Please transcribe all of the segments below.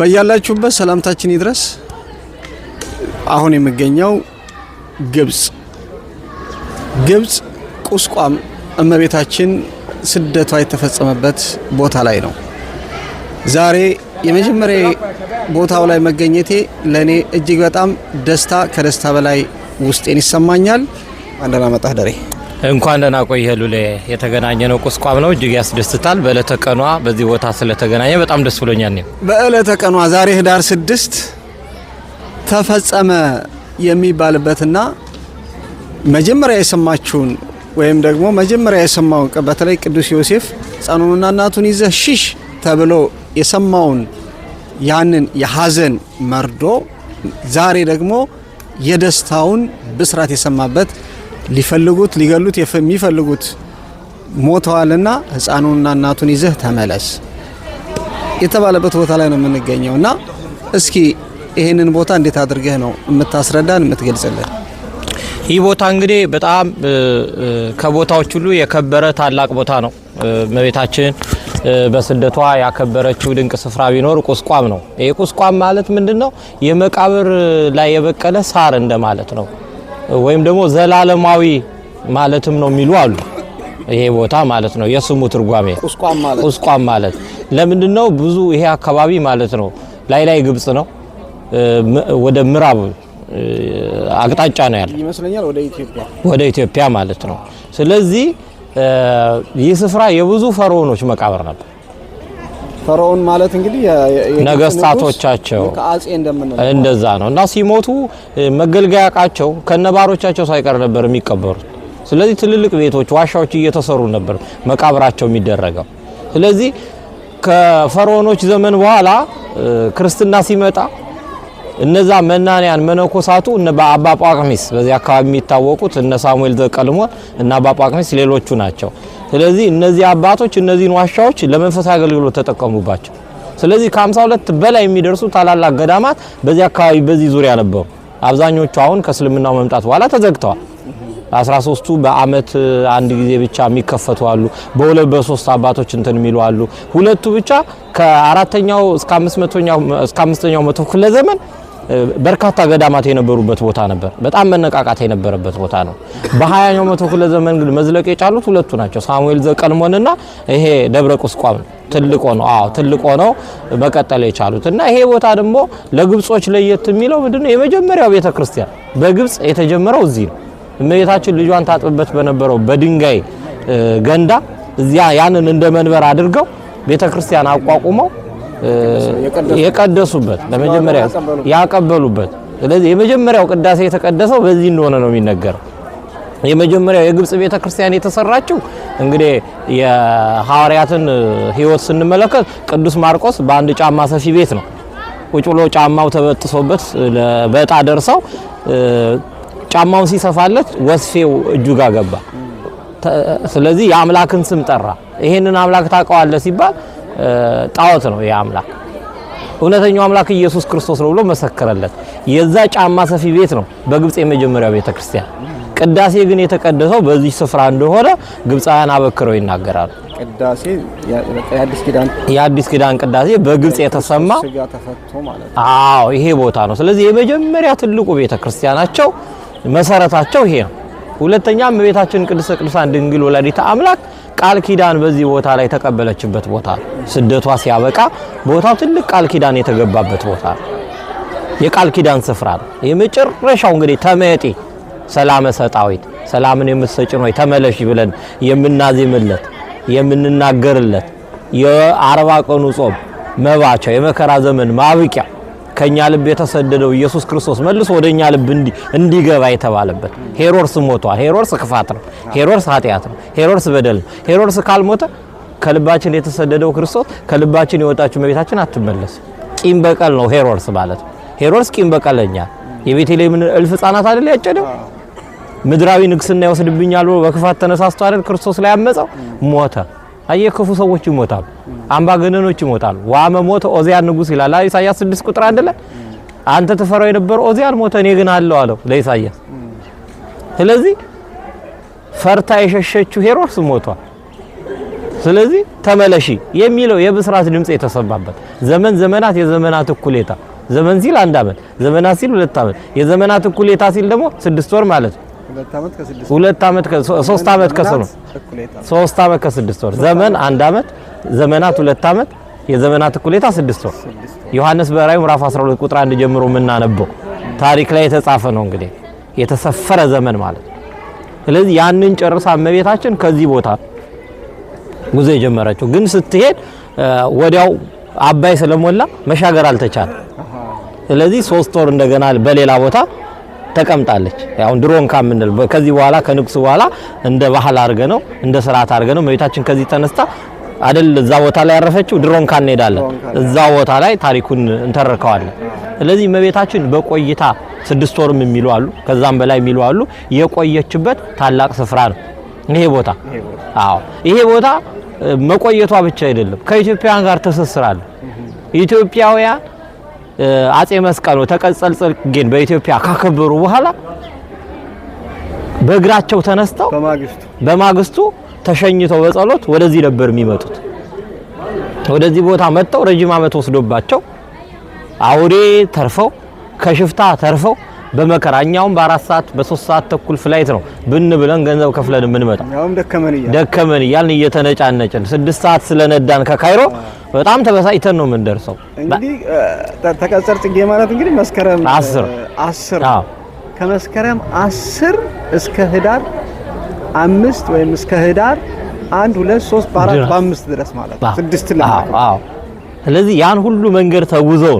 በያላችሁበት ሰላምታችን ይድረስ። አሁን የሚገኘው ግብጽ ግብጽ ቁስቋም እመቤታችን ስደቷ የተፈጸመበት ቦታ ላይ ነው። ዛሬ የመጀመሪያ ቦታው ላይ መገኘቴ ለእኔ እጅግ በጣም ደስታ ከደስታ በላይ ውስጤን ይሰማኛል። አንደና መጣህ ደሬ እንኳን ደህና ቆየ ሉሌ። የተገናኘ ነው ቁስቋም ነው፣ እጅግ ያስደስታል። በእለተ ቀኗ በዚህ ቦታ ስለተገናኘ በጣም ደስ ብሎኛል። እኔም በእለተ ቀኗ ዛሬ ህዳር ስድስት ተፈጸመ የሚባልበትና መጀመሪያ የሰማችሁን ወይም ደግሞ መጀመሪያ የሰማውን በተለይ ቅዱስ ዮሴፍ ሕፃኑንና እናቱን ይዘ ሽሽ ተብሎ የሰማውን ያንን የሐዘን መርዶ ዛሬ ደግሞ የደስታውን ብስራት የሰማበት ሊፈልጉት ሊገሉት የሚፈልጉት ሞተዋልና ህፃኑንና እናቱን ይዘህ ተመለስ የተባለበት ቦታ ላይ ነው የምንገኘው። እና እስኪ ይህንን ቦታ እንዴት አድርገህ ነው የምታስረዳን የምትገልጽልን? ይህ ቦታ እንግዲህ በጣም ከቦታዎች ሁሉ የከበረ ታላቅ ቦታ ነው። እመቤታችን በስደቷ ያከበረችው ድንቅ ስፍራ ቢኖር ቁስቋም ነው። ይህ ቁስቋም ማለት ምንድን ነው? የመቃብር ላይ የበቀለ ሳር እንደማለት ነው። ወይም ደግሞ ዘላለማዊ ማለትም ነው የሚሉ አሉ። ይሄ ቦታ ማለት ነው የስሙ ትርጓሜ ቁስቋም ማለት ለምንድን ነው? ብዙ ይሄ አካባቢ ማለት ነው ላይ ላይ ግብጽ ነው ወደ ምዕራብ አቅጣጫ ነው ያለው ይመስለኛል፣ ወደ ኢትዮጵያ ማለት ነው። ስለዚህ ይህ ስፍራ የብዙ ፈርዖኖች መቃብር ነበር። ፈርዖን ማለት እንግዲህ ነገስታቶቻቸው ከአጼ እንደምንለው እንደዛ ነው እና ሲሞቱ መገልገያ ቃቸው ከነባሮቻቸው ሳይቀር ነበር የሚቀበሩት። ስለዚህ ትልልቅ ቤቶች፣ ዋሻዎች እየተሰሩ ነበር መቃብራቸው የሚደረገው። ስለዚህ ከፈርዖኖች ዘመን በኋላ ክርስትና ሲመጣ እነዛ መናንያን መነኮሳቱ እነ አባ ጳቅሚስ በዚህ አካባቢ የሚታወቁት እነ ሳሙኤል ዘቀልሞን እና አባ ጳቅሚስ ሌሎቹ ናቸው። ስለዚህ እነዚህ አባቶች እነዚህን ዋሻዎች ለመንፈሳዊ አገልግሎት ተጠቀሙባቸው። ስለዚህ ከ52 በላይ የሚደርሱ ታላላቅ ገዳማት በዚህ አካባቢ በዚህ ዙሪያ ነበሩ። አብዛኞቹ አሁን ከእስልምናው መምጣት በኋላ ተዘግተዋል። 13ቱ በአመት አንድ ጊዜ ብቻ የሚከፈቱ አሉ። በሁለት በሶስት አባቶች እንትን የሚሉ አሉ። ሁለቱ ብቻ ከአራተኛው እስከ አምስተኛው መቶ ክፍለ ዘመን በርካታ ገዳማት የነበሩበት ቦታ ነበር። በጣም መነቃቃት የነበረበት ቦታ ነው። በሀያኛው መቶ ክፍለ ዘመን ግን መዝለቅ የቻሉት ሁለቱ ናቸው፣ ሳሙኤል ዘቀልሞንና ይሄ ደብረ ቁስቋም ትልቅ ነው። አዎ ትልቆ ነው መቀጠል የቻሉት እና ይሄ ቦታ ደግሞ ለግብጾች ለየት የሚለው ምንድነው? የመጀመሪያው ቤተክርስቲያን በግብጽ የተጀመረው እዚህ ነው። እመቤታችን ልጇን ታጥብበት በነበረው በድንጋይ ገንዳ እዚያ ያንን እንደ መንበር አድርገው ቤተክርስቲያን አቋቁመው የቀደሱበት ለመጀመሪያ ያቀበሉበት። ስለዚህ የመጀመሪያው ቅዳሴ የተቀደሰው በዚህ እንደሆነ ነው የሚነገረው። የመጀመሪያው የግብጽ ቤተ ክርስቲያን የተሰራችው እንግዲህ የሐዋርያትን ሕይወት ስንመለከት ቅዱስ ማርቆስ በአንድ ጫማ ሰፊ ቤት ነው ቁጭ ብሎ ጫማው ተበጥሶበት በጣ ደርሰው ጫማውን ሲሰፋለት ወስፌው እጁ ጋር ገባ። ስለዚህ የአምላክን ስም ጠራ። ይሄንን አምላክ ታውቀዋለህ ሲባል ጣዖት ነው ይህ አምላክ እውነተኛው አምላክ ኢየሱስ ክርስቶስ ነው ብሎ መሰከረለት። የዛ ጫማ ሰፊ ቤት ነው በግብጽ የመጀመሪያው ቤተ ክርስቲያን። ቅዳሴ ግን የተቀደሰው በዚህ ስፍራ እንደሆነ ግብፃውያን አበክረው ይናገራሉ። ቅዳሴ የአዲስ ኪዳን ቅዳሴ በግብጽ የተሰማ አዎ፣ ይሄ ቦታ ነው። ስለዚህ የመጀመሪያ ትልቁ ቤተ ክርስቲያናቸው መሰረታቸው ይሄ ነው። ሁለተኛም እመቤታችን ቅድስተ ቅዱሳን ድንግል ወላዲተ አምላክ ቃል ኪዳን በዚህ ቦታ ላይ የተቀበለችበት ቦታ ስደቷ ሲያበቃ ቦታው ትልቅ ቃል ኪዳን የተገባበት ቦታ የቃል ኪዳን ስፍራ ነው። የመጨረሻው እንግዲህ ተመጤ ሰላመ ሰጣዊት ሰላምን የምትሰጭ ነው ተመለሽ ብለን የምናዜምለት የምንናገርለት የአርባ ቀኑ ጾም መባቻ የመከራ ዘመን ማብቂያ ከኛ ልብ የተሰደደው ኢየሱስ ክርስቶስ መልሶ ወደኛ ልብ እንዲ እንዲገባ የተባለበት። ሄሮድስ ሞቷል። ሄሮድስ ክፋት ነው። ሄሮድስ ኃጢአት ነው። ሄሮድስ በደል ነው። ሄሮድስ ካልሞተ ከልባችን የተሰደደው ክርስቶስ ከልባችን የወጣችው መቤታችን አትመለስ። ቂም በቀል ነው ሄሮድስ ማለት ሄሮድስ ቂም በቀለኛ የቤተልሔምን እልፍ ህጻናት አይደል ያጨደው ምድራዊ ንግስና ይወስድብኛል ብሎ በክፋት ተነሳስቶ አይደል ክርስቶስ ላይ ያመፀው ሞተ። አየህ ክፉ ሰዎች ይሞታሉ፣ አምባገነኖች ይሞታሉ። ዋመ ሞተ ኦዚያን ንጉስ ይላል ኢሳያስ 6 ቁጥር አንድ ላይ አንተ ትፈራው የነበረው ኦዚያን ሞተ፣ እኔ ግን አለው አለው ለኢሳያስ። ስለዚህ ፈርታ የሸሸችው ሄሮድስ ሞቷል። ስለዚህ ተመለሺ የሚለው የብስራት ድምጽ የተሰማበት ዘመን ዘመናት የዘመናት እኩሌታ ዘመን ሲል አንድ አመት ዘመናት ሲል ሁለት ዓመት የዘመናት እኩሌታ ሲል ደግሞ ስድስት ወር ማለት ነው። ሁለት ዓመት ሶስት ዓመት ከሰው ሶስት ዓመት ከስድስት ወር ዘመን አንድ ዓመት ዘመናት ሁለት ዓመት የዘመናት እኩሌታ ስድስት ወር ዮሐንስ በራእዩ ምዕራፍ 12 ቁጥር 1 ጀምሮ የምናነበው ታሪክ ላይ የተጻፈ ነው። እንግዲህ የተሰፈረ ዘመን ማለት ስለዚህ ያንን ጨርሳ እመቤታችን ከዚህ ቦታ ጉዞ የጀመረችው ግን ስትሄድ ወዲያው አባይ ስለሞላ መሻገር አልተቻለ። ስለዚህ ሶስት ወር እንደገና በሌላ ቦታ ተቀምጣለች። ያው ድሮን ካምንል ከዚህ በኋላ ከንግሱ በኋላ እንደ ባህል አድርገ ነው እንደ ስርዓት አድርገ ነው እመቤታችን ከዚህ ተነስታ አይደል እዛ ቦታ ላይ ያረፈችው። ድሮን ካን እንሄዳለን እዛ ቦታ ላይ ታሪኩን እንተርከዋለን። ስለዚህ መቤታችን በቆይታ ስድስት ወርም የሚሉ አሉ፣ ከዛም በላይ የሚሉ አሉ። የቆየችበት ታላቅ ስፍራ ነው ይሄ ቦታ። አዎ ይሄ ቦታ መቆየቷ ብቻ አይደለም፣ ከኢትዮጵያውያን ጋር ትስስር ኢትዮጵያውያን አጼ መስቀል ነው ተቀጸል ጽጌን በኢትዮጵያ ካከበሩ በኋላ በእግራቸው ተነስተው በማግስቱ ተሸኝተው በጸሎት ወደዚህ ነበር የሚመጡት። ወደዚህ ቦታ መጥተው ረጅም ዓመት ወስዶባቸው አውሬ ተርፈው ከሽፍታ ተርፈው በመከራኛውም በአራት ሰዓት በሶስት ሰዓት ተኩል ፍላይት ነው ብን ብለን ገንዘብ ከፍለን የምንመጣው። ደከመን እያልን እየተነጫነጭን ስድስት ሰዓት ስለነዳን ከካይሮ በጣም ተበሳጭተን ነው የምንደርሰው። እንግዲህ ተቀጸር ጽጌ ማለት እንግዲህ መስከረም 10 10 ከመስከረም 10 እስከ ህዳር አምስት ወይም እስከ ህዳር አንድ ሁለት ሶስት በአራት በአምስት ድረስ ማለት ስድስት ለማለት አዎ። ስለዚህ ያን ሁሉ መንገድ ተጉዘው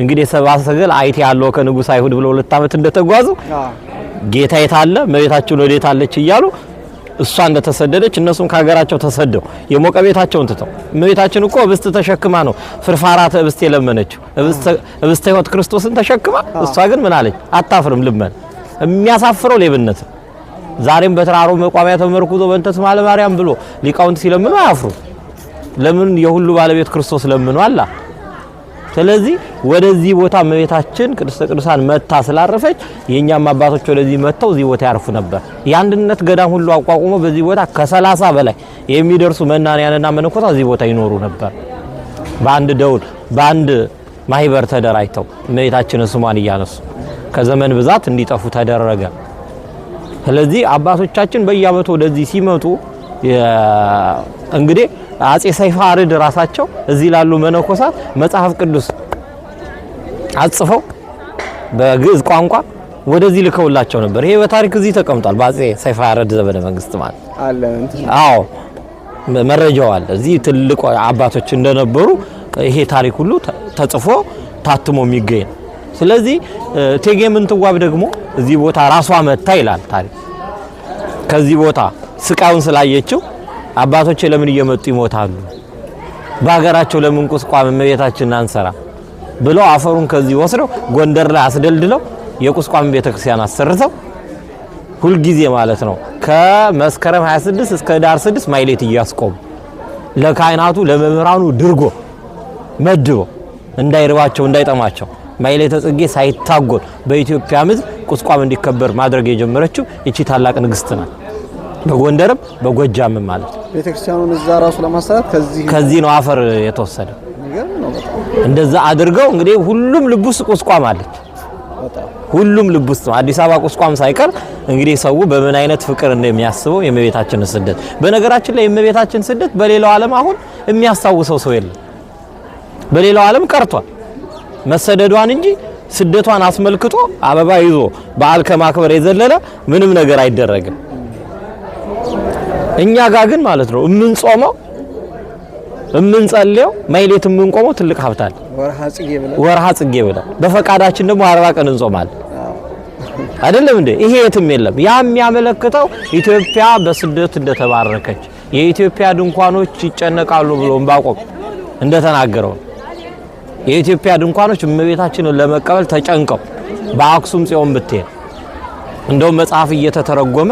እንግዲህ የሰብአ ሰገል አይቴ ያለው ከንጉሥ አይሁድ ብለው ሁለት ዓመት እንደተጓዙ ጌታ የታለ መቤታችን ወዴት አለች እያሉ እሷ እንደተሰደደች እነሱም ከሀገራቸው ተሰደው የሞቀ ቤታቸውን ትተው እመቤታችን እኮ እብስት ተሸክማ ነው ፍርፋራተ እብስት የለመነችው እብስተ ህይወት ክርስቶስን ተሸክማ። እሷ ግን ምን አለች? አታፍርም ልመን። የሚያሳፍረው ሌብነት ዛሬም በተራሮ መቋሚያ ተመርኩዞ በእንተ ስማ ለማርያም ብሎ ሊቃውንት ሲለምኑ አያፍሩ። ለምን? የሁሉ ባለቤት ክርስቶስ አላ ስለዚህ ወደዚህ ቦታ እመቤታችን ቅድስተ ቅዱሳን መታ ስላረፈች የእኛም አባቶች ወደዚህ መጥተው እዚህ ቦታ ያርፉ ነበር። የአንድነት ገዳም ሁሉ አቋቁሞ በዚህ ቦታ ከሰላሳ በላይ የሚደርሱ መናንያንና መነኮሳት እዚህ ቦታ ይኖሩ ነበር። በአንድ ደውል በአንድ ማህበር ተደራጅተው እመቤታችንን ስሟን እያነሱ ከዘመን ብዛት እንዲጠፉ ተደረገ። ስለዚህ አባቶቻችን በየዓመቱ ወደዚህ ሲመጡ እንግዲህ አጼ ሰይፈ አርድ ራሳቸው እዚህ ላሉ መነኮሳት መጽሐፍ ቅዱስ አጽፈው በግዕዝ ቋንቋ ወደዚህ ልከውላቸው ነበር። ይሄ በታሪክ እዚህ ተቀምጧል። በአጼ ሰይፈ አርድ ዘመነ መንግስት ማለት አለ። አዎ መረጃው አለ። እዚህ አባቶች እንደነበሩ ይሄ ታሪክ ሁሉ ተጽፎ ታትሞ የሚገኝ ነው። ስለዚህ እቴጌ ምንትዋብ ደግሞ እዚህ ቦታ ራሷ መታ ይላል ታሪክ ከዚህ ቦታ ስቃዩን ስላየችው አባቶች ለምን እየመጡ ይሞታሉ? በሀገራቸው ለምን ቁስቋም እመቤታችንን አንሰራ ብለው አፈሩን ከዚህ ወስደው ጎንደር ላይ አስደልድለው የቁስቋም ቤተክርስቲያን አሰርተው ሁልጊዜ ማለት ነው ከመስከረም 26 እስከ ዳር 6 ማይሌት እያስቆሙ ለካህናቱ ለመምህራኑ ድርጎ መድቦ እንዳይርባቸው እንዳይጠማቸው ማይሌተ ጽጌ ሳይታጎል በኢትዮጵያ ምድር ቁስቋም እንዲከበር ማድረግ የጀመረችው እቺ ታላቅ ንግስት ናት። በጎንደርም በጎጃም ማለት ነው። ቤተክርስቲያኑን እዛ ራሱ ለማሰራት ከዚህ ነው አፈር የተወሰደ። እንደዛ አድርገው እንግዲህ ሁሉም ልቡስ ቁስቋም አለች። ሁሉም ልቡስ አዲስ አበባ ቁስቋም ሳይቀር እንግዲህ ሰው በምን አይነት ፍቅር እንደሚያስበው የእመቤታችንን ስደት። በነገራችን ላይ የእመቤታችን ስደት በሌላው ዓለም አሁን የሚያስታውሰው ሰው የለም። በሌላው ዓለም ቀርቷል መሰደዷን እንጂ ስደቷን አስመልክቶ አበባ ይዞ በዓል ከማክበር የዘለለ ምንም ነገር አይደረግም። እኛ ጋር ግን ማለት ነው የምንጾመው የምንጸልየው ማይሌት የምንቆመው ትልቅ ሀብታል ወርሃ ጽጌ ብለን በፈቃዳችን ደግሞ አርባ ቀን እንጾማለን። አይደለም እንዴ? ይሄ የትም የለም። ያ የሚያመለክተው ኢትዮጵያ በስደት እንደተባረከች የኢትዮጵያ ድንኳኖች ይጨነቃሉ ብሎ እንባቆም እንደተናገረው የኢትዮጵያ ድንኳኖች እመቤታችንን ለመቀበል ተጨንቀው በአክሱም ጽዮን ብትሄድ እንደውም መጽሐፍ እየተተረጎመ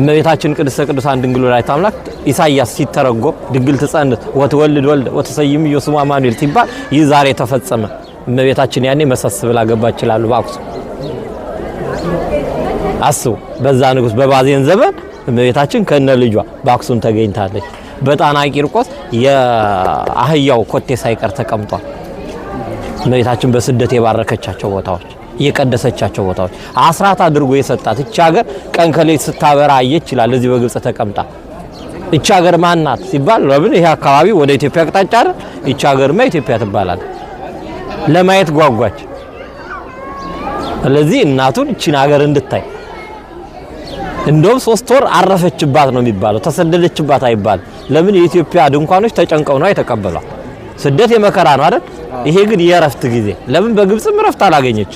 እመቤታችን ቅድስተ ቅዱሳን ድንግል ወላዲተ አምላክ ኢሳይያስ ሲተረጎም ድንግል ትጸንት ወትወልድ ወልድ ወትሰይምዮ ኢየሱስ አማኑኤል ሲባል ይህ ዛሬ ተፈጸመ። እመቤታችን ያኔ መሰስ ብላ ገባ ይላሉ በአክሱም። አስቡ፣ በዛ ንጉስ በባዜን ዘመን እመቤታችን ከነ ልጇ በአክሱም ተገኝታለች። በጣና ቂርቆስ የአህያው ኮቴ ሳይቀር ተቀምጧል። እመቤታችን በስደት የባረከቻቸው ቦታዎች የቀደሰቻቸው ቦታዎች አስራት አድርጎ የሰጣት እች ሀገር ቀን ከሌት ስታበራ አየች እዚህ በግብጽ ተቀምጣ እች ሀገር ማናት ሲባል ለምን ይሄ አካባቢ ወደ ኢትዮጵያ አቅጣጫ አይደል? እቺ ሀገርማ ኢትዮጵያ ትባላል። ለማየት ጓጓች። ስለዚህ እናቱን እቺን ሀገር እንድታይ እንደውም ሶስት ወር አረፈችባት ነው የሚባለው፣ ተሰደደችባት አይባልም። ለምን የኢትዮጵያ ድንኳኖች ተጨንቀው ነው የተቀበሏት። ስደት የመከራ ነው አይደል? ይሄ ግን የእረፍት ጊዜ ለምን በግብጽም እረፍት አላገኘች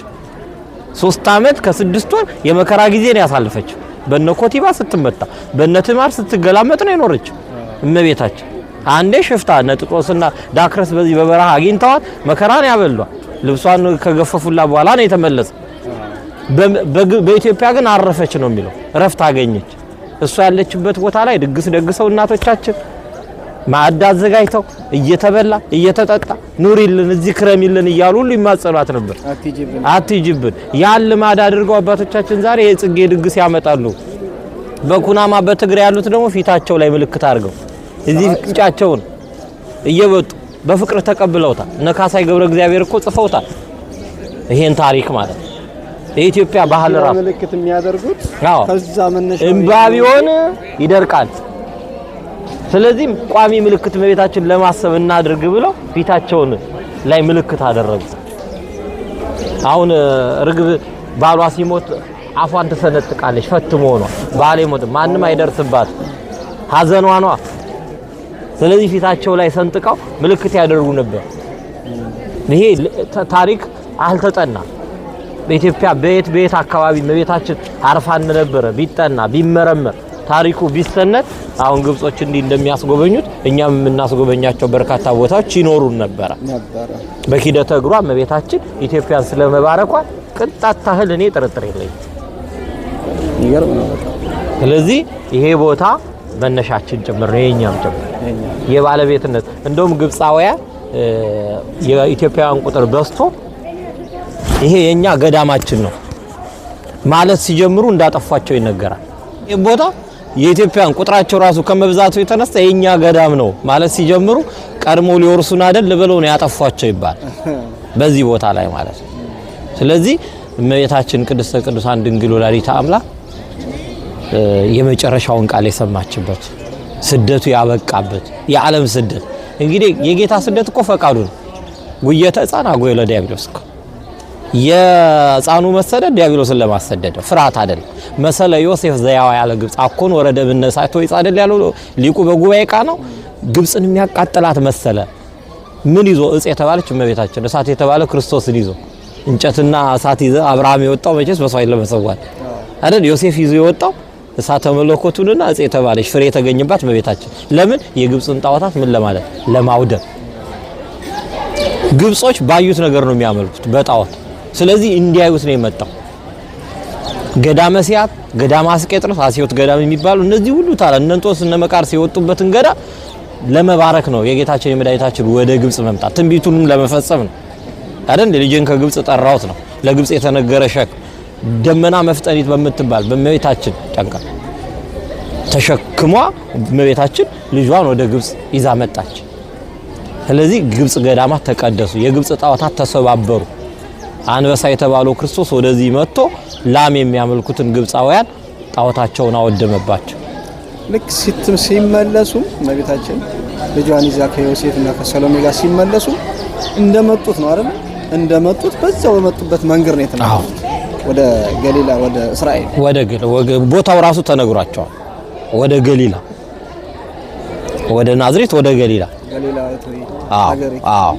ሶስት አመት ከስድስት ወር የመከራ ጊዜ ነው ያሳለፈችው። በነ ኮቲባ ስትመታ በነ ትማር ስትገላመጥ ነው የኖረችው እመቤታችን። አንዴ ሽፍታ እነ ዳክረስ በዚህ በበረሃ አግኝተዋት መከራን ያበሏል። ልብሷን ከገፈፉላ በኋላ ነው የተመለሰ። በኢትዮጵያ ግን አረፈች ነው የሚለው እረፍት አገኘች። እሷ ያለችበት ቦታ ላይ ድግስ ደግሰው እናቶቻችን ማዕድ አዘጋጅተው እየተበላ እየተጠጣ ኑሪልን እዚህ ክረሚልን እያሉ ሁሉ ይማጸሏት ነበር። አትጅብን ያን ልማድ አድርገው አባቶቻችን ዛሬ የጽጌ ድግስ ያመጣሉ። በኩናማ በትግራይ ያሉት ደግሞ ፊታቸው ላይ ምልክት አድርገው እዚህ ቅንጫቸውን እየወጡ በፍቅር ተቀብለውታል። እነ ካሳይ ገብረ እግዚአብሔር እኮ ጽፈውታል ይሄን ታሪክ ማለት ነው። የኢትዮጵያ ባህል ራሱ ምልክት የሚያደርጉት ከዛ እምባ ቢሆን ይደርቃል። ስለዚህም ቋሚ ምልክት መቤታችን ለማሰብ እናድርግ ብለው ፊታቸውን ላይ ምልክት አደረጉ። አሁን ርግብ ባሏ ሲሞት አፏን ትሰነጥቃለች። ፈትሞ ነው ባሌ ሞት ማንም አይደርስባት ሀዘኗ ነው። ስለዚህ ፊታቸው ላይ ሰንጥቀው ምልክት ያደርጉ ነበር። ይሄ ታሪክ አልተጠና። በኢትዮጵያ በየት በየት አካባቢ መቤታችን አርፋ እንደነበረ ቢጠና ቢመረመር ታሪኩ ቢሰነድ አሁን ግብጾች እንዲህ እንደሚያስጎበኙት እኛም የምናስጎበኛቸው በርካታ ቦታዎች ይኖሩን ነበረ። በኪደተ እግሯ እመቤታችን ኢትዮጵያን ስለመባረኳ ቅንጣት ታህል እኔ ጥርጥር የለኝ። ስለዚህ ይሄ ቦታ መነሻችን ጭምር ነው፣ የኛም ጭምር የባለቤትነት እንደውም ግብፃውያን የኢትዮጵያውያን ቁጥር በዝቶ ይሄ የኛ ገዳማችን ነው ማለት ሲጀምሩ እንዳጠፏቸው ይነገራል። ይህ ቦታ የኢትዮጵያን ቁጥራቸው ራሱ ከመብዛቱ የተነሳ የኛ ገዳም ነው ማለት ሲጀምሩ ቀድሞ ሊወርሱን አይደል ብለው ነው ያጠፏቸው ይባል በዚህ ቦታ ላይ ማለት ነው። ስለዚህ እመቤታችን ቅድስተ ቅዱሳን ድንግል ወላዲተ አምላክ የመጨረሻውን ቃል የሰማችበት ስደቱ ያበቃበት የዓለም ስደት እንግዲህ የጌታ ስደት እኮ ፈቃዱ ነው። ጉየተ ህፃን አጎ ለዲያብሎስ የሕፃኑ መሰደድ ዲያብሎስን ለማሰደድ ፍርሃት አይደለም። መሰለ ዮሴፍ ዘያዋ ያለ ግብፅ አኮን ወረደ ብነሳቶ ይጻደል ያለው ሊቁ በጉባኤ ቃ ነው። ግብፅን የሚያቃጥላት መሰለ ምን ይዞ እጽ የተባለች እመቤታችን እሳት የተባለ ክርስቶስን ይዞ እንጨትና እሳት ይዘ አብርሃም የወጣው መቼስ መስዋዕት ለመሰዋት አይደል? ዮሴፍ ይዞ የወጣው እሳተ መለኮቱንና እጽ የተባለች ፍሬ የተገኘባት እመቤታችን ለምን? የግብፅን ጣዖታት ምን ለማለት ለማውደም። ግብጾች ባዩት ነገር ነው የሚያመልኩት በጣዖት ስለዚህ እንዲያዩት ነው የመጣው። ገዳመ ሲያት፣ ገዳመ አስቄጥሮስ፣ አስዮት ገዳም የሚባሉ እነዚህ ሁሉ ታላ እነንጦስ እነ መቃርስ የወጡበትን ገዳ ለመባረክ ነው የጌታችን የመድኃኒታችን ወደ ግብጽ መምጣት። ትንቢቱንም ለመፈጸም ነው አይደል? ልጄን ከግብጽ ጠራሁት ነው ለግብጽ የተነገረ ሸክ ደመና መፍጠኒት በምትባል በእመቤታችን ጠንቀ ተሸክሟ እመቤታችን ልጇን ወደ ግብጽ ይዛ መጣች። ስለዚህ ግብጽ ገዳማት ተቀደሱ፣ የግብጽ ጣዖታት ተሰባበሩ። አንበሳ የተባለው ክርስቶስ ወደዚህ መጥቶ ላም የሚያመልኩትን ግብፃውያን ጣዖታቸውን አወደመባቸው። ልክ ሲመለሱ እመቤታችን ልጇን ይዛ ከዮሴፍና ከሰሎሜ ጋር ሲመለሱ እንደመጡት ነው አይደል? እንደመጡት በዛው በመጡበት መንገድ ነው የተናገሩት። ወደ ገሊላ ወደ እስራኤል ወደ ቦታው ራሱ ተነግሯቸዋል። ወደ ገሊላ ወደ ናዝሬት ወደ ገሊላ ገሊላ አዎ አዎ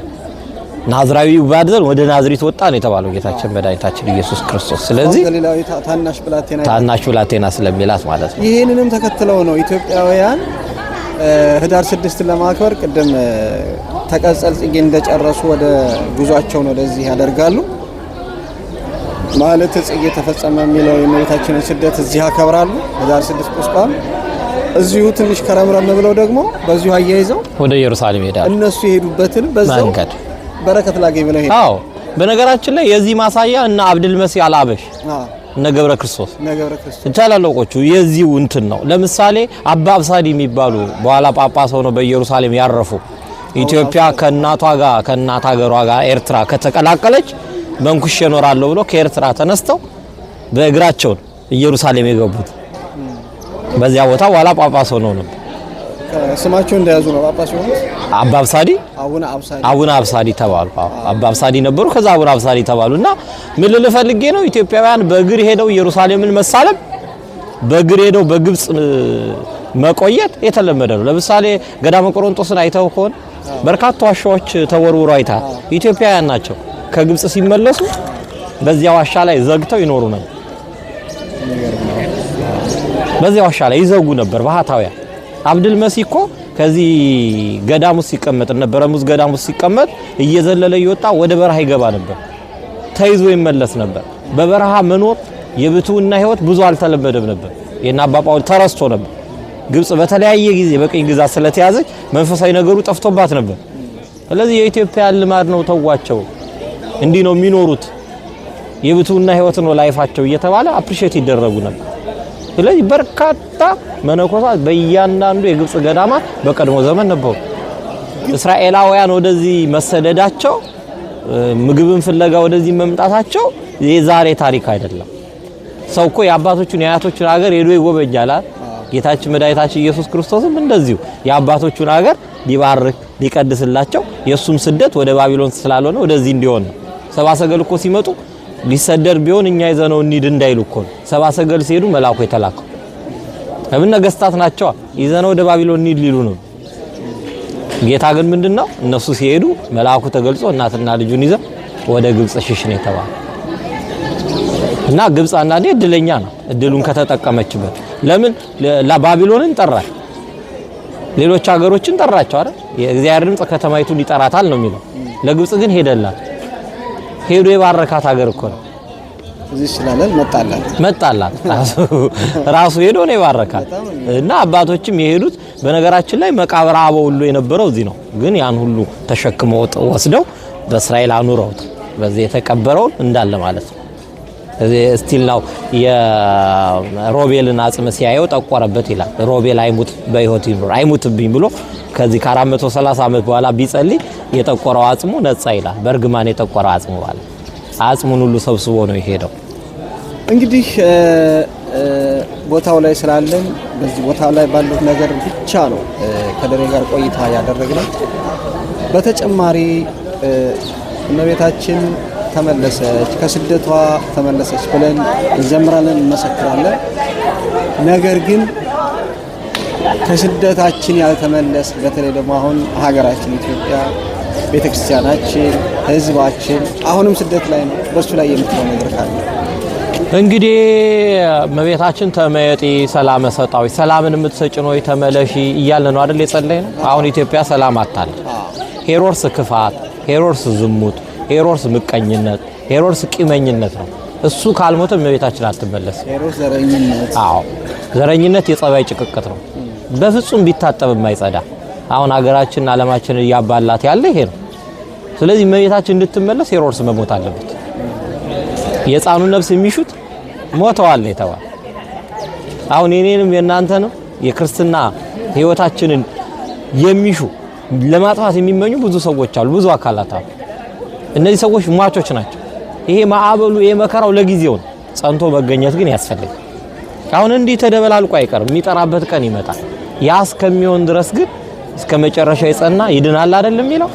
ናዝራዊ ይባደል ወደ ናዝሪት ወጣ ነው የተባለው ጌታችን መድኃኒታችን ኢየሱስ ክርስቶስ። ስለዚህ ታናሽ ብላቴና ስለሚላት ማለት ነው። ይህንንም ተከትለው ነው ኢትዮጵያውያን ህዳር ስድስት ለማክበር ቅድም ተቀጸል ጽጌ እንደጨረሱ ወደ ጉዟቸውን ወደዚህ ያደርጋሉ። ማለት ጽጌ ተፈጸመ የሚለው የእመቤታችንን ስደት እዚህ አከብራሉ። ህዳር ስድስት ቁስቋም እዚሁ ትንሽ ከረምረም ብለው ደግሞ በዚሁ አያይዘው ወደ ኢየሩሳሌም ይሄዳሉ። እነሱ የሄዱበትን በዛው መንገድ በረከት ላገኝ ብለህ ሄደ። አዎ በነገራችን ላይ የዚህ ማሳያ እና አብድል መሲ አልአበሽ እነ ገብረ ክርስቶስ ታላላቆቹ የዚሁ እንትን ነው። ለምሳሌ አባ አብሳዲ የሚባሉ በኋላ ጳጳስ ሆነው በኢየሩሳሌም ያረፉ ኢትዮጵያ ከእናቷ ጋር ከእናት ሀገሯ ጋር ኤርትራ ከተቀላቀለች መንኩሽ እኖራለሁ ብሎ ከኤርትራ ተነስተው በእግራቸውን ኢየሩሳሌም የገቡት በዚያ ቦታ በኋላ ጳጳስ ሆነው ነበር። ስማቸው እንደያዙ ነው ጳጳስ የሆኑት አባ አብሳዲ አቡነ አብሳዲ ተባሉ። አባ አብሳዲ ነበሩ። ከዛ አቡነ አብሳዲ ተባሉ እና ምን ልል ፈልጌ ነው ኢትዮጵያውያን በእግር ሄደው ኢየሩሳሌምን መሳለም፣ በእግር ሄደው በግብጽ መቆየት የተለመደ ነው። ለምሳሌ ገዳመ ቆሮንጦስን አይተው ከሆነ በርካታ ዋሻዎች ተወርውረው አይታል። ኢትዮጵያውያን ናቸው ከግብጽ ሲመለሱ በዚያ ዋሻ ላይ ዘግተው ይኖሩ ነበር። በዚያ ዋሻ ላይ ይዘጉ ነበር ባህታውያን አብድል መሲ እኮ ከዚህ ገዳሙ ሲቀመጥ ነበረ ሙዝ ገዳሙ ሲቀመጥ እየዘለለ እየወጣ ወደ በረሃ ይገባ ነበር፣ ተይዞ ይመለስ ነበር። በበረሃ መኖር የብትውና ህይወት ብዙ አልተለመደም ነበር። የና አባ ተረስቶ ነበር። ግብጽ በተለያየ ጊዜ በቅኝ ግዛት ስለተያዘች መንፈሳዊ ነገሩ ጠፍቶባት ነበር። ስለዚህ የኢትዮጵያ ልማድ ነው ተዋቸው፣ እንዲህ ነው የሚኖሩት የብትውና ህይወት ነው ላይፋቸው እየተባለ አፕሪሼት ይደረጉ ነበር። ስለዚህ በርካታ መነኮሳት በእያንዳንዱ የግብፅ ገዳማት በቀድሞ ዘመን ነበሩ። እስራኤላውያን ወደዚህ መሰደዳቸው፣ ምግብን ፍለጋ ወደዚህ መምጣታቸው የዛሬ ታሪክ አይደለም። ሰው እኮ የአባቶቹን የአያቶቹን ሀገር ሄዶ ይጎበኛላል። ጌታችን መድኃኒታችን ኢየሱስ ክርስቶስም እንደዚሁ የአባቶቹን ሀገር ሊባርክ ሊቀድስላቸው የእሱም ስደት ወደ ባቢሎን ስላልሆነ ወደዚህ እንዲሆን ነው። ሰገል እኮ ሲመጡ ሊሰደር ቢሆን እኛ ይዘነው እንሂድ እንዳይሉ እኮ ነው። ሰባ ሰገል ሲሄዱ መልአኩ የተላከው ለምን ነገስታት ናቸዋ። ይዘነው ወደ ባቢሎን እንሂድ ሊሉ ነው። ጌታ ግን ምንድነው እነሱ ሲሄዱ መልአኩ ተገልጾ እናትና ልጁን ይዘ ወደ ግብጽ ሽሽ ነው የተባለ እና ግብጽ አንዳንዴ እድለኛ ነው እድሉን ከተጠቀመችበት። ለምን ለባቢሎንን ጠራል፣ ሌሎች ሀገሮችን ጠራቸው አይደል? የእግዚአብሔር ድምጽ ከተማይቱን ይጠራታል ነው የሚለው። ለግብጽ ግን ሄደላት። ሄዶ የባረካት ሀገር እኮ ነው። እዚህ ስላለን መጣላት መጣላት ራሱ ሄዶ ነው የባረካት እና አባቶችም የሄዱት በነገራችን ላይ መቃብር አበው ሁሉ የነበረው እዚህ ነው። ግን ያን ሁሉ ተሸክመው ወስደው በእስራኤል አኑረውት በዚህ የተቀበረውን እንዳለ ማለት ነው። ስቲል ነው የሮቤልን አጽም ሲያየው ጠቆረበት ይላል። ሮቤል አይሙት በህይወት ይኑር አይሙትብኝ ብሎ ከዚህ ከ430 ዓመት በኋላ ቢጸልይ የጠቆረው አጽሙ ነጻ ይላል። በእርግማን የጠቆረው አጽሙ ማለት አጽሙን ሁሉ ሰብስቦ ነው የሄደው። እንግዲህ ቦታው ላይ ስላለን በዚህ ቦታ ላይ ባሉት ነገር ብቻ ነው ከደሬ ጋር ቆይታ ያደረግነው። በተጨማሪ እመቤታችን ተመለሰች፣ ከስደቷ ተመለሰች ብለን እንዘምራለን፣ እንመሰክራለን። ነገር ግን ከስደታችን ያልተመለስ በተለይ ደግሞ አሁን ሀገራችን ኢትዮጵያ፣ ቤተክርስቲያናችን፣ ህዝባችን አሁንም ስደት ላይ ነው። በእሱ ላይ የምትለው ነገር ካለ እንግዲህ መቤታችን ተመየጢ ሰላመ ሰጣዊ ሰላምን የምትሰጭ ነው ተመለሺ እያለ ነው አይደል የጸለይ ነው። አሁን ኢትዮጵያ ሰላም አታለ ሄሮድስ ክፋት፣ ሄሮድስ ዝሙት ሄሮድስ ምቀኝነት፣ ሄሮድስ ቂመኝነት ነው። እሱ ካልሞተ እመቤታችን አትመለስም። አዎ ዘረኝነት የጸባይ ጭቅቅት ነው። በፍጹም ቢታጠብ የማይጸዳ አሁን ሀገራችንን ዓለማችንን እያባላት ያለ ይሄ ነው። ስለዚህ እመቤታችን እንድትመለስ ሄሮድስ መሞት አለበት። የሕፃኑን ነፍስ የሚሹት ሞተዋል ነው የተባለ። አሁን የኔንም የእናንተንም የክርስትና ህይወታችንን የሚሹ ለማጥፋት የሚመኙ ብዙ ሰዎች አሉ፣ ብዙ አካላት አሉ። እነዚህ ሰዎች ሟቾች ናቸው። ይሄ ማዕበሉ ይሄ መከራው ለጊዜው ነው። ጸንቶ መገኘት ግን ያስፈልጋል። አሁን እንዲህ ተደበላልቆ አይቀርም። የሚጠራበት ቀን ይመጣል። ያ እስከሚሆን ድረስ ግን እስከ መጨረሻ የጸና ይድናል አይደለም የሚለው።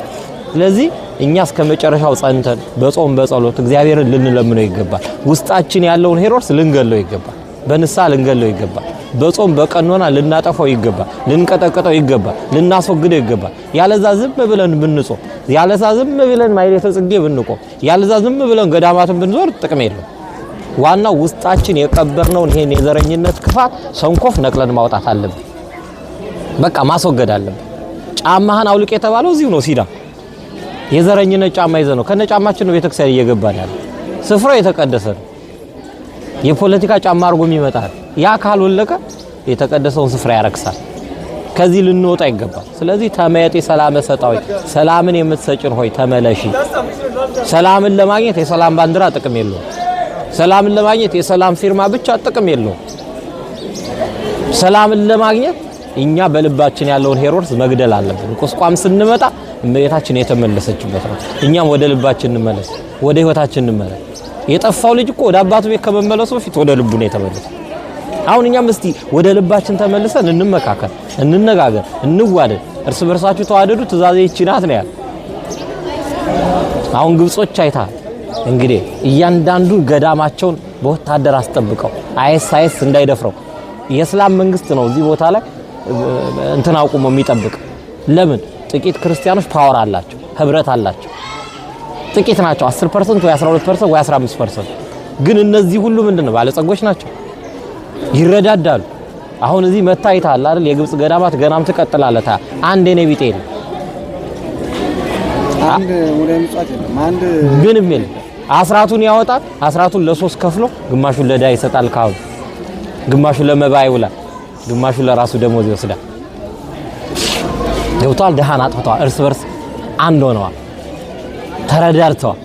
ስለዚህ እኛ እስከ መጨረሻው ጸንተን በጾም በጸሎት እግዚአብሔርን ልንለምነው ይገባል። ውስጣችን ያለውን ሄሮድስ ልንገለው ይገባል። በንሳ ልንገለው ይገባል። በጾም በቀኖና ልናጠፋው ይገባ ልንቀጠቀጠው ይገባ ልናስወግደው ይገባል። ያለዛ ዝም ብለን ብንጾ ያለዛ ዝም ብለን ማሕሌተ ጽጌ ብንቆም፣ ያለዛ ዝም ብለን ገዳማትን ብንዞር ጥቅም የለም። ዋናው ውስጣችን የቀበርነውን ይሄን የዘረኝነት ክፋት ሰንኮፍ ነቅለን ማውጣት አለብን። በቃ ማስወገድ አለብን። ጫማህን አውልቅ የተባለው እዚሁ ነው። ሲዳ የዘረኝነት ጫማ ይዘ ነው ከነ ጫማችን ነው ቤተክርስቲያን እየገባን ያለ ስፍራው የተቀደሰ ነው። የፖለቲካ ጫማ አድርጎም ይመጣል። ያ ካልወለቀ የተቀደሰውን ስፍራ ያረክሳል። ከዚህ ልንወጣ ይገባል። ስለዚህ ተመየጤ ሰላመ ሰጣዊ ሰላምን የምትሰጭን ሆይ ተመለሺ። ሰላምን ለማግኘት የሰላም ባንዲራ ጥቅም የለውም። ሰላምን ለማግኘት የሰላም ፊርማ ብቻ ጥቅም የለውም። ሰላምን ለማግኘት እኛ በልባችን ያለውን ሄሮድስ መግደል አለብን። ቁስቋም ስንመጣ እመቤታችን የተመለሰችበት ነው። እኛም ወደ ልባችን እንመለስ፣ ወደ ህይወታችን እንመለስ። የጠፋው ልጅ እኮ ወደ አባቱ ቤት ከመመለሱ በፊት ወደ ልቡ ነው የተመለሰ። አሁን እኛም እስቲ ወደ ልባችን ተመልሰን እንመካከል፣ እንነጋገር፣ እንዋደድ፣ እርስ በርሳችሁ ተዋደዱ፣ ትእዛዜ ይህች ናት ነው ያለ። አሁን ግብጾች አይታ እንግዲህ እያንዳንዱ ገዳማቸውን በወታደር አስጠብቀው አይስ አይስ እንዳይደፍረው የእስላም መንግስት ነው እዚህ ቦታ ላይ እንትን አቁሞ የሚጠብቅ ለምን ጥቂት ክርስቲያኖች ፓወር አላቸው፣ ህብረት አላቸው። ጥቂት ናቸው። 10 ፐርሰንት ወይ 12 ፐርሰንት ወይ 15 ፐርሰንት። ግን እነዚህ ሁሉ ምንድን ነው ባለጸጎች ናቸው፣ ይረዳዳሉ። አሁን እዚህ መታይታል አይደል? የግብጽ ገዳማት ገናም ትቀጥላለታ አንድ የኔ ቢጤ ነው ግን የሚል አስራቱን ያወጣል። አስራቱን ለሶስት ከፍሎ ግማሹን ለዳ ይሰጣል፣ ካሁን ግማሹን ለመባ ይውላል፣ ግማሹን ለራሱ ደሞዝ ይወስዳል። ገብቷል። ድሃን አጥፍተዋል። እርስ በርስ አንድ ሆነዋል። ተረዳድተዋል።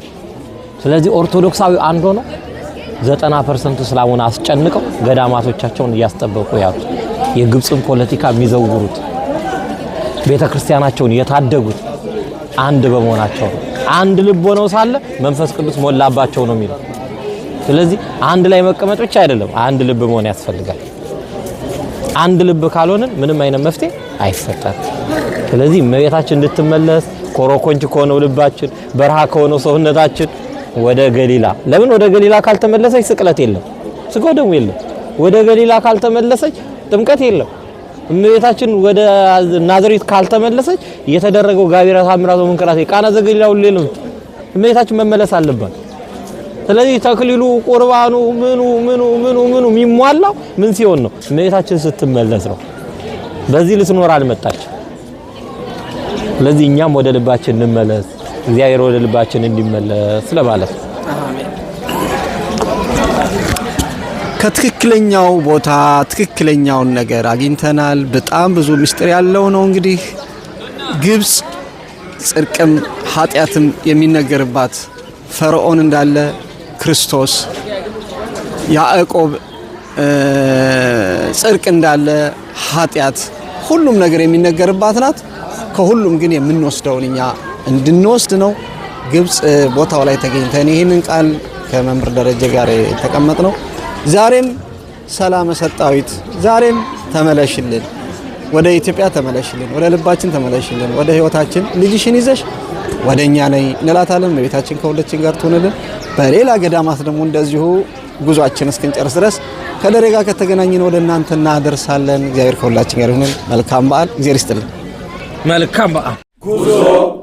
ስለዚህ ኦርቶዶክሳዊ አንድ ሆነው ዘጠና ፐርሰንት እስላሙን አስጨንቀው ገዳማቶቻቸውን እያስጠበቁ ያሉት የግብፅን ፖለቲካ የሚዘውሩት ቤተ ክርስቲያናቸውን የታደጉት አንድ በመሆናቸው ነው። አንድ ልብ ሆነው ሳለ መንፈስ ቅዱስ ሞላባቸው ነው የሚለው። ስለዚህ አንድ ላይ መቀመጥ ብቻ አይደለም፣ አንድ ልብ መሆን ያስፈልጋል። አንድ ልብ ካልሆንን ምንም አይነት መፍትሄ አይፈጠርም። ስለዚህ እመቤታችን እንድትመለስ ኮረኮንች ከሆነው ልባችን፣ በረሃ ከሆነው ሰውነታችን ወደ ገሊላ። ለምን ወደ ገሊላ ካልተመለሰች ስቅለት የለም፣ ስጋው ደሙ የለም። ወደ ገሊላ ካልተመለሰች ጥምቀት የለም። እመቤታችን ወደ ናዝሬት ካልተመለሰች የተደረገው ጋቢረ ተአምራት ወመንከራት ቃና ዘገሊላ ሁሉ የለም። እመቤታችን መመለስ አለባት። ስለዚህ ተክሊሉ ቁርባኑ ምኑ ምኑ ምኑ ምኑ የሚሟላው ምን ሲሆን ነው? እመቤታችን ስትመለስ ነው። በዚህ ልትኖር አልመጣችም። ስለዚህ እኛም ወደ ልባችን እንመለስ፣ እግዚአብሔር ወደ ልባችን እንዲመለስ ለማለት ነው። ከትክክለኛው ቦታ ትክክለኛውን ነገር አግኝተናል። በጣም ብዙ ምስጢር ያለው ነው። እንግዲህ ግብፅ ጽድቅም ኃጢአትም የሚነገርባት ፈርዖን እንዳለ ክርስቶስ ያዕቆብ ጽድቅ እንዳለ ኃጢአት ሁሉም ነገር የሚነገርባት ናት። ከሁሉም ግን የምንወስደውን እኛ እንድንወስድ ነው። ግብፅ ቦታው ላይ ተገኝተን ይህንን ቃል ከመምህር ደረጀ ጋር የተቀመጥ ነው። ዛሬም ሰላመ ሰጣዊት፣ ዛሬም ተመለሽልን፣ ወደ ኢትዮጵያ ተመለሽልን፣ ወደ ልባችን ተመለሽልን፣ ወደ ህይወታችን ልጅሽን ይዘሽ ወደ እኛ ነይ እንላታለን። በቤታችን ከሁለችን ጋር ትሆንልን። በሌላ ገዳማት ደግሞ እንደዚሁ ጉዟችን እስክንጨርስ ድረስ ከደረጋ ከተገናኝን ወደ እናንተ እናደርሳለን። እግዚአብሔር ከሁላችን ጋር ይሁን። መልካም በዓል። እግዚአብሔር ይስጥልን። መልካም በዓል። ጉዞ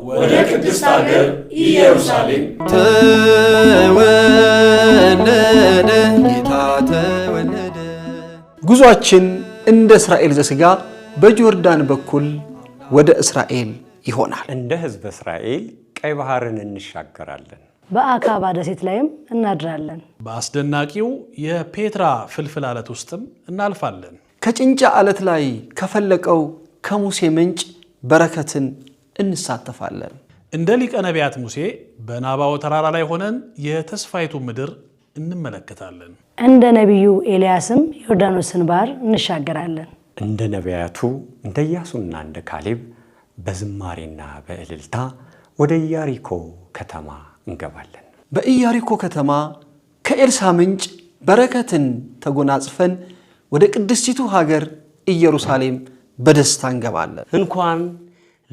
ወደ ቅድስት ሀገር ኢየሩሳሌም። ተወለደ ጌታ ተወለደ። ጉዞአችን እንደ እስራኤል ዘስጋ በጆርዳን በኩል ወደ እስራኤል ይሆናል። እንደ ህዝብ እስራኤል ቀይ ባህርን እንሻገራለን። በአካባ ደሴት ላይም እናድራለን። በአስደናቂው የፔትራ ፍልፍል አለት ውስጥም እናልፋለን። ከጭንጫ አለት ላይ ከፈለቀው ከሙሴ ምንጭ በረከትን እንሳተፋለን። እንደ ሊቀ ነቢያት ሙሴ በናባው ተራራ ላይ ሆነን የተስፋይቱ ምድር እንመለከታለን። እንደ ነቢዩ ኤልያስም ዮርዳኖስን ባህር እንሻገራለን። እንደ ነቢያቱ እንደ ኢያሱና እንደ ካሌብ በዝማሬና በእልልታ ወደ ኢያሪኮ ከተማ እንገባለን። በኢያሪኮ ከተማ ከኤልሳ ምንጭ በረከትን ተጎናጽፈን ወደ ቅድስቲቱ ሀገር ኢየሩሳሌም በደስታ እንገባለን። እንኳን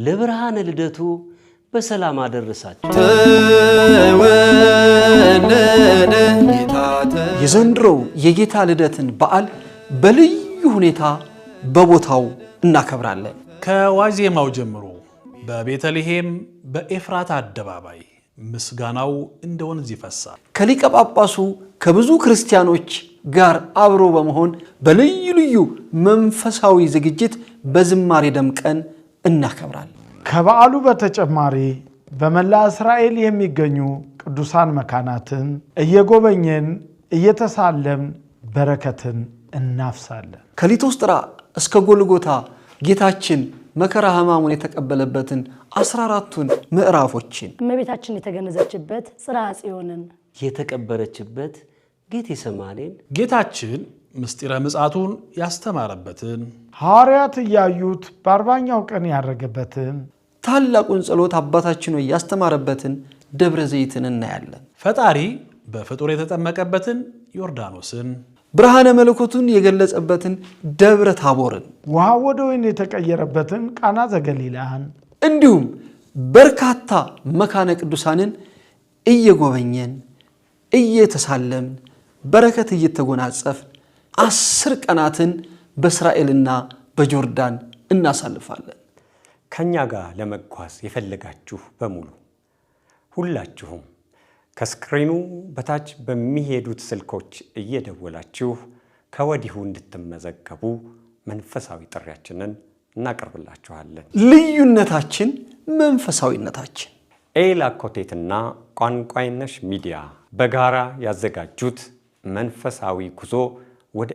ለብርሃነ ልደቱ በሰላም አደረሳቸው። የዘንድሮው የጌታ ልደትን በዓል በልዩ ሁኔታ በቦታው እናከብራለን። ከዋዜማው ጀምሮ በቤተልሔም በኤፍራት አደባባይ ምስጋናው እንደ ወንዝ ይፈሳል። ከሊቀ ጳጳሱ ከብዙ ክርስቲያኖች ጋር አብሮ በመሆን በልዩ ልዩ መንፈሳዊ ዝግጅት በዝማሬ ደምቀን እናከብራለን። ከበዓሉ በተጨማሪ በመላ እስራኤል የሚገኙ ቅዱሳን መካናትን እየጎበኘን እየተሳለም በረከትን እናፍሳለን። ከሊቶስጥራ እስከ ጎልጎታ ጌታችን መከራ ሕማሙን የተቀበለበትን አስራ አራቱን ምዕራፎችን እመቤታችን የተገነዘችበት ጽርሐ ጽዮንን የተቀበረችበት ጌቴ ጌታችን ምስጢረ ምጽአቱን ያስተማረበትን ሐዋርያት እያዩት በአርባኛው ቀን ያደረገበትን ታላቁን ጸሎት አባታችን ሆይ ያስተማረበትን ደብረ ዘይትን እናያለን። ፈጣሪ በፍጡር የተጠመቀበትን ዮርዳኖስን፣ ብርሃነ መለኮቱን የገለጸበትን ደብረ ታቦርን፣ ውሃ ወደ ወይን የተቀየረበትን ቃና ዘገሊላን እንዲሁም በርካታ መካነ ቅዱሳንን እየጎበኘን እየተሳለምን በረከት እየተጎናጸፍን አስር ቀናትን በእስራኤልና በጆርዳን እናሳልፋለን። ከእኛ ጋር ለመጓዝ የፈለጋችሁ በሙሉ ሁላችሁም ከስክሪኑ በታች በሚሄዱት ስልኮች እየደወላችሁ ከወዲሁ እንድትመዘገቡ መንፈሳዊ ጥሪያችንን እናቀርብላችኋለን። ልዩነታችን መንፈሳዊነታችን። ኤላ ኮቴትና ቋንቋይነሽ ሚዲያ በጋራ ያዘጋጁት መንፈሳዊ ጉዞ